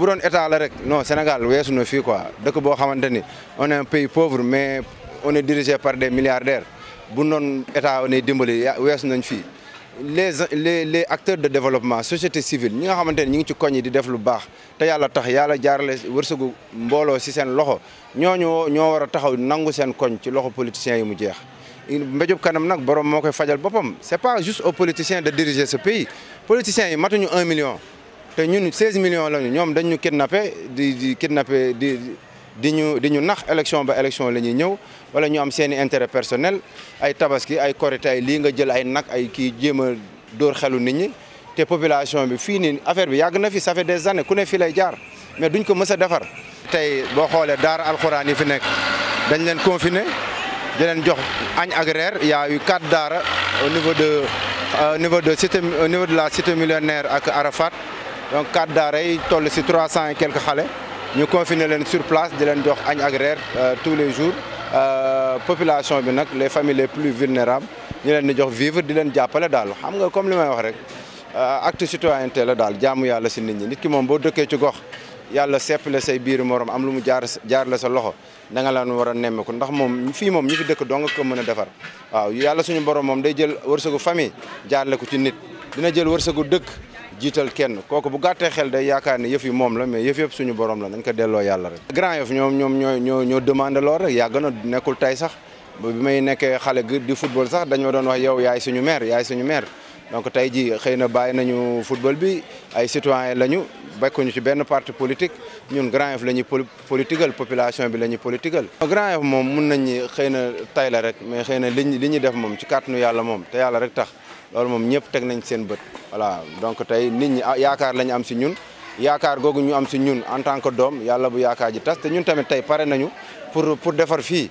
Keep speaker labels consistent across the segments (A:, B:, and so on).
A: bu doon état la rek non Sénégal weesu na fii quoi dëkk boo xamante on est un pays pauvre mais on est dirigé par des milliardaires bu noon état on est dimbali weesu nañ fii les les les acteurs de développement société civile ñi nga xamante ne ñi ngi ci koñ yi di def lu baax te yàlla tax yàlla jaarale wërsëgu mbooloo si seen loxo ñooñu ñoo war a taxaw nangu seen koñ ci loxo politiciens yi mu jeex mbéjub kanam nag borom moo koy fajal boppam c'est pas juste aux politiciens de diriger ce pays politiciens yi matuñu un million te ñun 16 millions lañu ñoom dañ ñu kidnappé di di kidnappé di di ñu nax élection ba élection la nous ñëw wala ñu am seen i intérêt personnel ay tabaski ay korité ay lii nga jël ay nag ay kii jéem a dóor xelu nit ñi te population bi fii nii affaire bi yag na fi ça fait des années ku ne fii lay jaar mais duñ ko mës défar tay bo xolé xoolee daara alxuraan fi nek dañ leen confiner dañ leen jox agn ak il y a eu quatre daara au niveau de euh, au niveau de cité au niveau de la cité millionnaire ak Arafat donc cadre d'arrêt, yi toll si quelques xale ñu confiner leen sur place di leen jox añ ak euh, tous les jours euh, population bi nag les familles les plus vulnérables ñu leen di jox vivre di leen jàppale daal xam nga comme li may wax rek euh, acte citoyenneté la daal jaamu yàlla si nit ñi nit ki moom boo dëkkee ci gox yàlla sepp la say biir morom am lu mu jaar jaar la sa loxo da nga laan war a nemmeeku ndax moom fii moom ñi fi dëkk dong ko mën a defar waaw yàlla suñu borom moom day jël wërsëgu famille jaarle ko ci nit dina jël wërsëgu dëkk jiital kenn kooku bu gàttee xel day yaakaar ne yëf yi moom la mais yëf yëpp suñu borom la dañ ko delloo yàlla rek. Grand Yoff ñoom ñoom ñoo ñoo ñoo demandé rek yàgg na nekkul tey sax bi may nekkee xale di football sax dañoo doon wax yow yaay suñu meer yaay suñu maire donc tey ji xëy na bàyyi nañu football bi ay citoyen lañu. bekkuñu ci benn parti politique ñun Grand Yoff la ñuy politigal population bi la ñuy politigal Grand Yoff moom mun nañ xëy na tay rek mais xëy na liñ li def moom ci kàttanu yàlla moom te yàlla rek tax loolu moom ñëpp teg nañ seen bët voilà donc tey nit ñi ah, yaakaar lañu am si ñun yaakaar googu ñu am si ñun en tant que doom yàlla bu yaakaar ji tas te ñun tamit tey pare nañu pour pour defar fii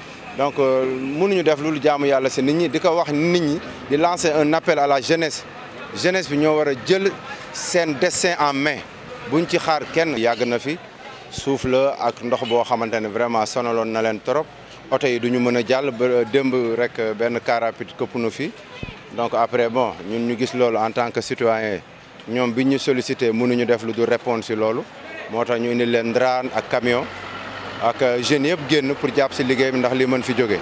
A: donc euh, mënuñu def loolu jaamu yàlla si nit ñi di ko wax nit ñi di lancer un appel à la jeunesse jeunesse bi ñoo war a jël seen destin en main buñ ci xaar kenn. yàgg na fi suuf la ak ndox boo xamante vraiment sonaloon na leen trop oto yi du ñu mën a jàll ba euh, démb rek euh, benn car rapide këpp na fi donc après bon ñun ñu gis loolu en tant que citoyen ñoom bi ñu sollicité mënuñu def lu du répondre si loolu moo tax ñu indi leen ndaraan ak camion. ak jeunes yëpp génn pour jàpp si liggéey mi ndax li mën fi jóge